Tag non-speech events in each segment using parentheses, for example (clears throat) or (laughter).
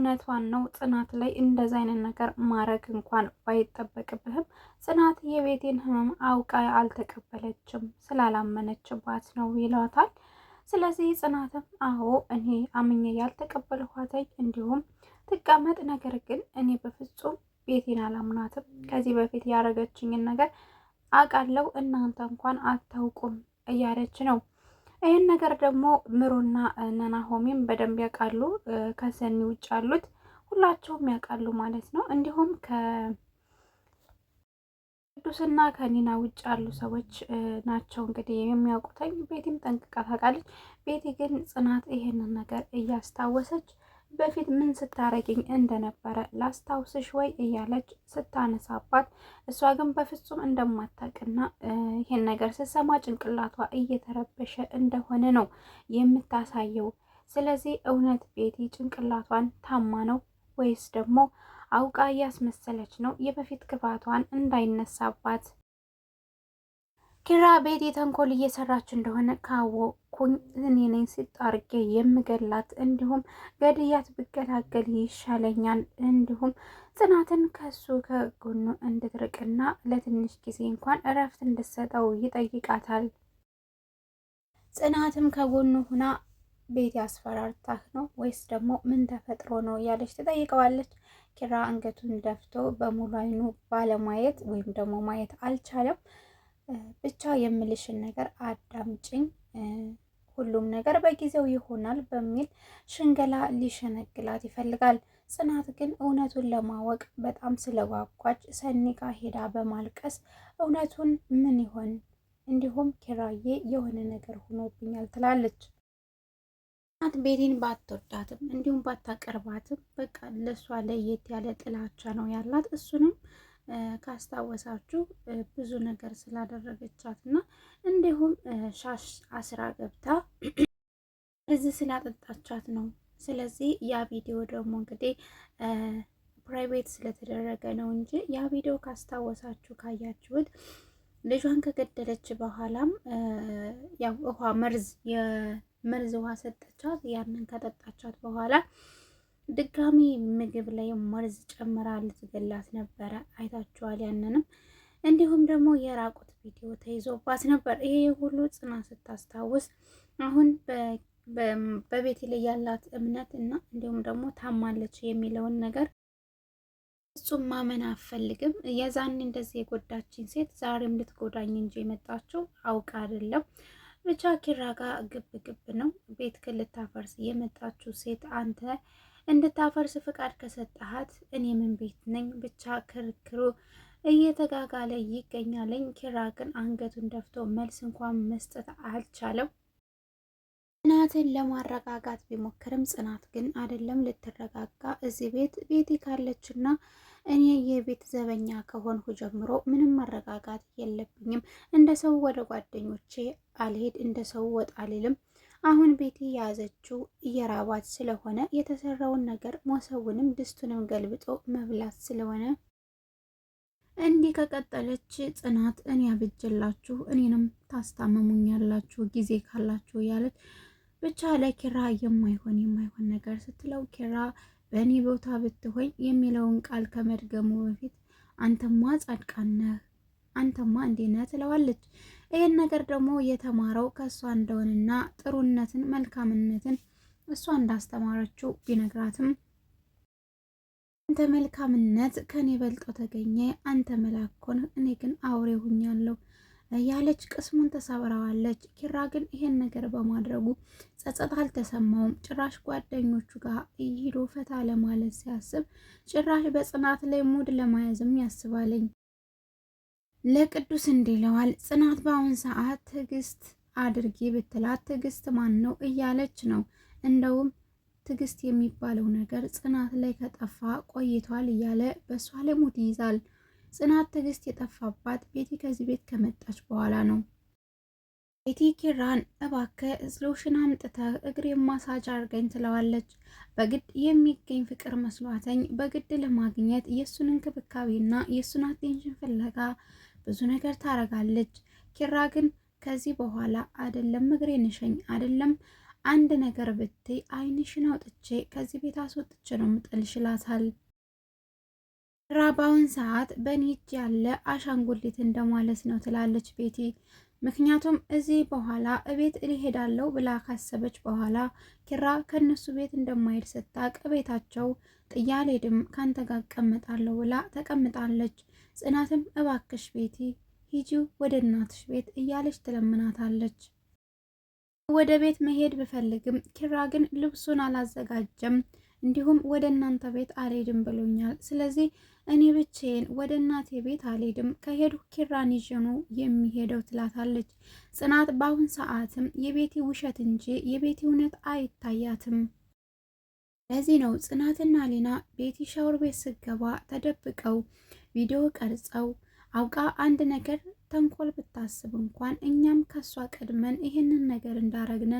እውነቷን ነው። ጽናት ላይ እንደዚ አይነት ነገር ማድረግ እንኳን ባይጠበቅብህም ጽናት የቤቴን ህመም አውቃ አልተቀበለችም ስላላመነችባት ነው ይሏታል። ስለዚህ ጽናትም አዎ እኔ አምኜ ያልተቀበልኋትኝ እንዲሁም ትቀመጥ፣ ነገር ግን እኔ በፍጹም ቤቴን አላምናትም። ከዚህ በፊት ያደረገችኝን ነገር አውቃለሁ፣ እናንተ እንኳን አታውቁም እያለች ነው ይህን ነገር ደግሞ ምሩና ነናሆሜም በደንብ ያውቃሉ። ከሰኒ ውጭ ያሉት ሁላቸውም ያውቃሉ ማለት ነው። እንዲሁም ከቅዱስና ከኒና ውጭ ያሉ ሰዎች ናቸው እንግዲህ የሚያውቁተኝ። ቤቲም ጠንቅቃ ታውቃለች። ቤቲ ግን ጽናት ይሄንን ነገር እያስታወሰች በፊት ምን ስታረግኝ እንደነበረ ላስታውስሽ ወይ እያለች ስታነሳባት፣ እሷ ግን በፍጹም እንደማታውቅና ይሄን ነገር ስትሰማ ጭንቅላቷ እየተረበሸ እንደሆነ ነው የምታሳየው። ስለዚህ እውነት ቤቲ ጭንቅላቷን ታማ ነው ወይስ ደግሞ አውቃ እያስመሰለች ነው የበፊት ክፋቷን እንዳይነሳባት ኪራ ቤት ተንኮል እየሰራች እንደሆነ ካወቅኩኝ እኔ ነኝ ሲጣርጌ የምገላት፣ እንዲሁም ገድያት ብገላገል ይሻለኛል፣ እንዲሁም ጽናትን ከሱ ከጎኑ እንድትርቅና ለትንሽ ጊዜ እንኳን እረፍት እንድትሰጠው ይጠይቃታል። ጽናትም ከጎኑ ሁና ቤት ያስፈራርታህ ነው ወይስ ደግሞ ምን ተፈጥሮ ነው እያለች ትጠይቀዋለች። ኪራ አንገቱን ደፍቶ በሙሉ አይኑ ባለማየት ወይም ደግሞ ማየት አልቻለም። ብቻ የምልሽን ነገር አዳምጭኝ፣ ሁሉም ነገር በጊዜው ይሆናል በሚል ሽንገላ ሊሸነግላት ይፈልጋል። ጽናት ግን እውነቱን ለማወቅ በጣም ስለጓጓች ሰኒ ጋ ሄዳ በማልቀስ እውነቱን ምን ይሆን እንዲሁም ኪራዬ የሆነ ነገር ሆኖብኛል ትላለች። ጽናት ቤቲን ባትወዳትም እንዲሁም ባታቀርባትም በቃ ለእሷ ለየት ያለ ጥላቻ ነው ያላት። እሱንም ካስታወሳችሁ ብዙ ነገር ስላደረገቻት እና እንዲሁም ሻሽ አስራ ገብታ (clears throat) እዚህ ስላጠጣቻት ነው። ስለዚህ ያ ቪዲዮ ደግሞ እንግዲህ ፕራይቬት ስለተደረገ ነው እንጂ ያ ቪዲዮ ካስታወሳችሁ ካያችሁት ልጇን ከገደለች በኋላም ያው ውሃ መርዝ የመርዝ ውሃ ሰጠቻት። ያንን ከጠጣቻት በኋላ ድጋሚ ምግብ ላይ መርዝ ጨምራ ልትገላት ነበረ። አይታችኋል ያንንም። እንዲሁም ደግሞ የራቁት ቪዲዮ ተይዞባት ነበር። ይሄ ሁሉ ጽናት ስታስታውስ አሁን በቤቲ ላይ ያላት እምነት እና እንዲሁም ደግሞ ታማለች የሚለውን ነገር እሱም ማመን አፈልግም። የዛኔ እንደዚህ የጎዳችን ሴት ዛሬም ልትጎዳኝ እንጂ የመጣችው አውቃ አይደለም። ብቻ ኪራ ጋር ግብ ግብ ነው። ቤት ክልታፈርስ የመጣችው ሴት አንተ እንድታፈርስ ፍቃድ ከሰጠሃት እኔ ምን ቤት ነኝ? ብቻ ክርክሩ እየተጋጋለ ይገኛለኝ። ኪራ ግን አንገቱን ደፍቶ መልስ እንኳን መስጠት አልቻለው። ጽናትን ለማረጋጋት ቢሞክርም ጽናት ግን አይደለም ልትረጋጋ። እዚህ ቤት ቤቲ ካለችና እኔ የቤት ዘበኛ ከሆንኩ ጀምሮ ምንም መረጋጋት የለብኝም። እንደ ሰው ወደ ጓደኞቼ አልሄድ፣ እንደ ሰው ወጣ አልልም። አሁን ቤቲ የያዘችው እየራባት ስለሆነ የተሰራውን ነገር ሞሰቡንም ድስቱንም ገልብጦ መብላት ስለሆነ እንዲህ ከቀጠለች ጽናት እኔ ያብጀላችሁ እኔንም ታስታመሙኛላችሁ ጊዜ ካላችሁ እያለች ብቻ ለኪራ የማይሆን የማይሆን ነገር ስትለው ኪራ በእኔ ቦታ ብትሆኝ የሚለውን ቃል ከመድገሙ በፊት አንተማ ጻድቃን ነህ አንተማ እንዴት ነህ ትለዋለች። ይህን ነገር ደግሞ የተማረው ከእሷ እንደሆነና ጥሩነትን መልካምነትን እሷ እንዳስተማረችው ቢነግራትም አንተ መልካምነት ከኔ በልጦ ተገኘ፣ አንተ መላኮን እኔ ግን አውሬ ሁኛለሁ ያለች ቅስሙን ተሰብረዋለች። ኪራ ግን ይሄን ነገር በማድረጉ ጸጸት አልተሰማውም። ጭራሽ ጓደኞቹ ጋር ሂዶ ፈታ ለማለት ሲያስብ ጭራሽ በጽናት ላይ ሙድ ለማያዝም ያስባለኝ። ለቅዱስ ይለዋል ጽናት በአሁን ሰዓት ትዕግስት አድርጊ ብትላት ትዕግስት ማን ነው እያለች ነው። እንደውም ትዕግስት የሚባለው ነገር ጽናት ላይ ከጠፋ ቆይቷል እያለ በእሷ ላይ ሙድ ይይዛል። ጽናት ትዕግስት የጠፋባት ቤቲ ከዚህ ቤት ከመጣች በኋላ ነው። ቤቲ ኪራን እባክህ ሎሽን አምጥተህ እግሬ ማሳጅ አድርገኝ ትለዋለች። በግድ የሚገኝ ፍቅር መስሏተኝ በግድ ለማግኘት የእሱን እንክብካቤና የእሱን አቴንሽን ፍለጋ ብዙ ነገር ታረጋለች። ኪራ ግን ከዚህ በኋላ አይደለም እግሬን ንሸኝ አይደለም አንድ ነገር ብትይ አይንሽን አውጥቼ ከዚህ ቤት አስወጥቼ ነው ምጥልሽ ይላታል። ኪራ በአሁን ሰዓት በእኔ እጅ ያለ አሻንጉሊት እንደማለት ነው ትላለች ቤቲ። ምክንያቱም እዚህ በኋላ እቤት እሄዳለሁ ብላ ካሰበች በኋላ ኪራ ከእነሱ ቤት እንደማይሄድ ስታቅ ቤታቸው ጥያሌ ድም ካንተ ጋር እቀመጣለሁ ብላ ተቀምጣለች። ጽናትም እባክሽ ቤቲ ሂጂ ወደ እናትሽ ቤት እያለች ትለምናታለች። ወደ ቤት መሄድ ብፈልግም ኪራ ግን ልብሱን አላዘጋጀም፣ እንዲሁም ወደ እናንተ ቤት አልሄድም ብሎኛል። ስለዚህ እኔ ብቼን ወደ እናቴ ቤት አልሄድም፣ ከሄዱ ኪራን ይዤ የሚሄደው ትላታለች። ጽናት በአሁን ሰዓትም የቤቴ ውሸት እንጂ የቤቴ እውነት አይታያትም። ለዚህ ነው ጽናትና ሊና ቤቲ ሻወር ቤት ስገባ ተደብቀው ቪዲዮ ቀርጸው አውቃ አንድ ነገር ተንኮል ብታስብ እንኳን እኛም ከሷ ቀድመን ይህንን ነገር እንዳረግነ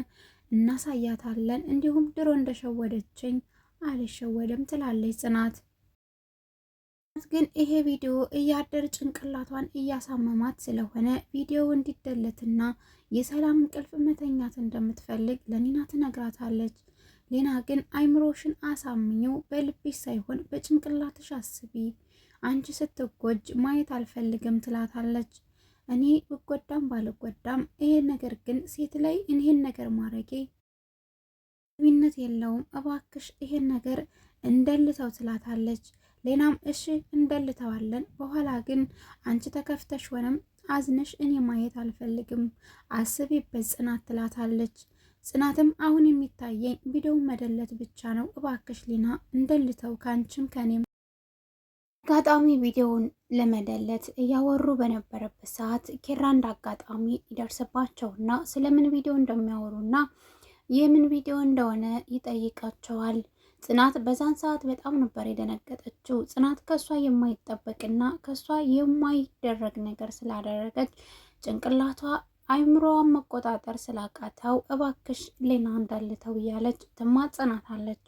እናሳያታለን። እንዲሁም ድሮ እንደሸወደችኝ አልሸወደም ትላለች ጽናት። ግን ይሄ ቪዲዮ እያደር ጭንቅላቷን እያሳመማት ስለሆነ ቪዲዮው እንዲደለትና የሰላም እንቅልፍ መተኛት እንደምትፈልግ ለኒና ትነግራታለች። ሌና ግን አይምሮሽን አሳምኘው በልብሽ ሳይሆን በጭንቅላትሽ አስቢ፣ አንቺ ስትጎጅ ማየት አልፈልግም ትላታለች። እኔ ብጎዳም ባልጎዳም ይሄ ነገር ግን ሴት ላይ ይሄን ነገር ማድረጌ ቢነት የለውም እባክሽ ይሄን ነገር እንደልተው ትላታለች። ሌናም እሺ እንደልተዋለን፣ በኋላ ግን አንቺ ተከፍተሽ ሆነም አዝነሽ እኔ ማየት አልፈልግም፣ አስቢበት ጽናት ትላታለች። ጽናትም አሁን የሚታየኝ ቪዲዮውን መደለት ብቻ ነው። እባክሽ ሊና እንደልተው ከአንቺም ከኔም አጋጣሚ ቪዲዮውን ለመደለት እያወሩ በነበረበት ሰዓት ኪራ እንደ አጋጣሚ ይደርስባቸውና ስለምን ቪዲዮ እንደሚያወሩና የምን ቪዲዮ እንደሆነ ይጠይቃቸዋል። ጽናት በዛን ሰዓት በጣም ነበር የደነገጠችው። ጽናት ከእሷ የማይጠበቅና ከእሷ የማይደረግ ነገር ስላደረገች ጭንቅላቷ አይምሮዋን መቆጣጠር ስላቃተው እባክሽ ሌና እንዳልተው እያለች ትማጸናታለች።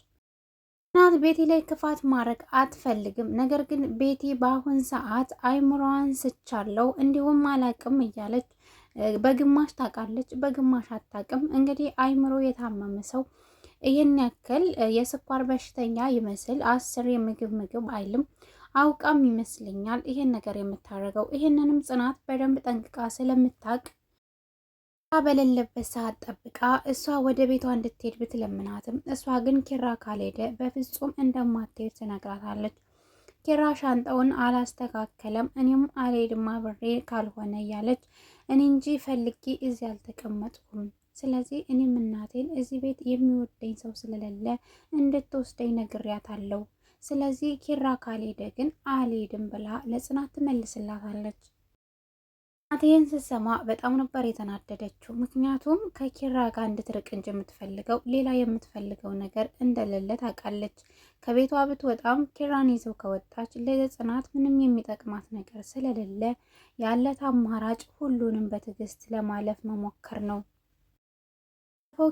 ናት ቤቲ ላይ ክፋት ማድረግ አትፈልግም። ነገር ግን ቤቲ በአሁን ሰዓት አይምሮዋን ስቻለው እንዲሁም አላቅም እያለች በግማሽ ታውቃለች፣ በግማሽ አታውቅም። እንግዲህ አይምሮ የታመመ ሰው ይህን ያክል የስኳር በሽተኛ ይመስል አስር የምግብ ምግብ አይልም። አውቃም ይመስለኛል ይሄን ነገር የምታደርገው። ይህንንም ጽናት በደንብ ጠንቅቃ ስለምታውቅ በሌለበት ሰዓት ጠብቃ እሷ ወደ ቤቷ እንድትሄድ ብትለምናትም እሷ ግን ኪራ ካልሄደ በፍጹም እንደማትሄድ ትነግራታለች። ኪራ ሻንጣውን አላስተካከለም። እኔም አልሄድማ ብሬ ካልሆነ እያለች እኔ እንጂ ፈልጌ እዚህ አልተቀመጥኩም። ስለዚህ እኔም እናቴን እዚህ ቤት የሚወደኝ ሰው ስለሌለ እንድትወስደኝ ነግሬያታለሁ። ስለዚህ ኪራ ካልሄደ ግን አልሄድም ብላ ለጽናት ትመልስላታለች። ናታን ስትሰማ በጣም ነበር የተናደደችው። ምክንያቱም ከኪራ ጋር እንድትርቅ እንጂ የምትፈልገው ሌላ የምትፈልገው ነገር እንደሌለ ታውቃለች። ከቤቷ ብትወጣም ኪራን ይዘው ከወጣች ለጽናት ምንም የሚጠቅማት ነገር ስለሌለ ያለት አማራጭ ሁሉንም በትዕግስት ለማለፍ መሞከር ነው።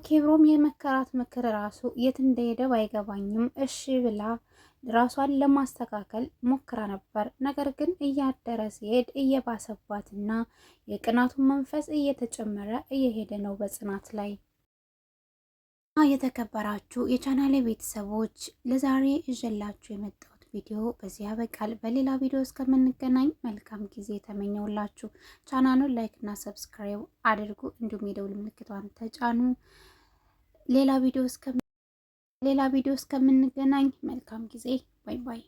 ኬብሮም የመከራት ምክር ራሱ የት እንደሄደ ባይገባኝም እሺ ብላ ራሷን ለማስተካከል ሞክራ ነበር። ነገር ግን እያደረ ሲሄድ እየባሰባትና የቅናቱን መንፈስ እየተጨመረ እየሄደ ነው በጽናት ላይ። የተከበራችሁ የቻናሌ ቤተሰቦች ለዛሬ ይዤላችሁ የመጣሁት ቪዲዮ በዚህ ያበቃል። በሌላ ቪዲዮ እስከምንገናኝ መልካም ጊዜ የተመኘውላችሁ። ቻናሉን ላይክ እና ሰብስክራይብ አድርጉ፣ እንዲሁም የደውል ምልክቷን ተጫኑ። ሌላ ቪዲዮ እስከ ሌላ ቪዲዮ እስከምንገናኝ መልካም ጊዜ። ባይ ባይ።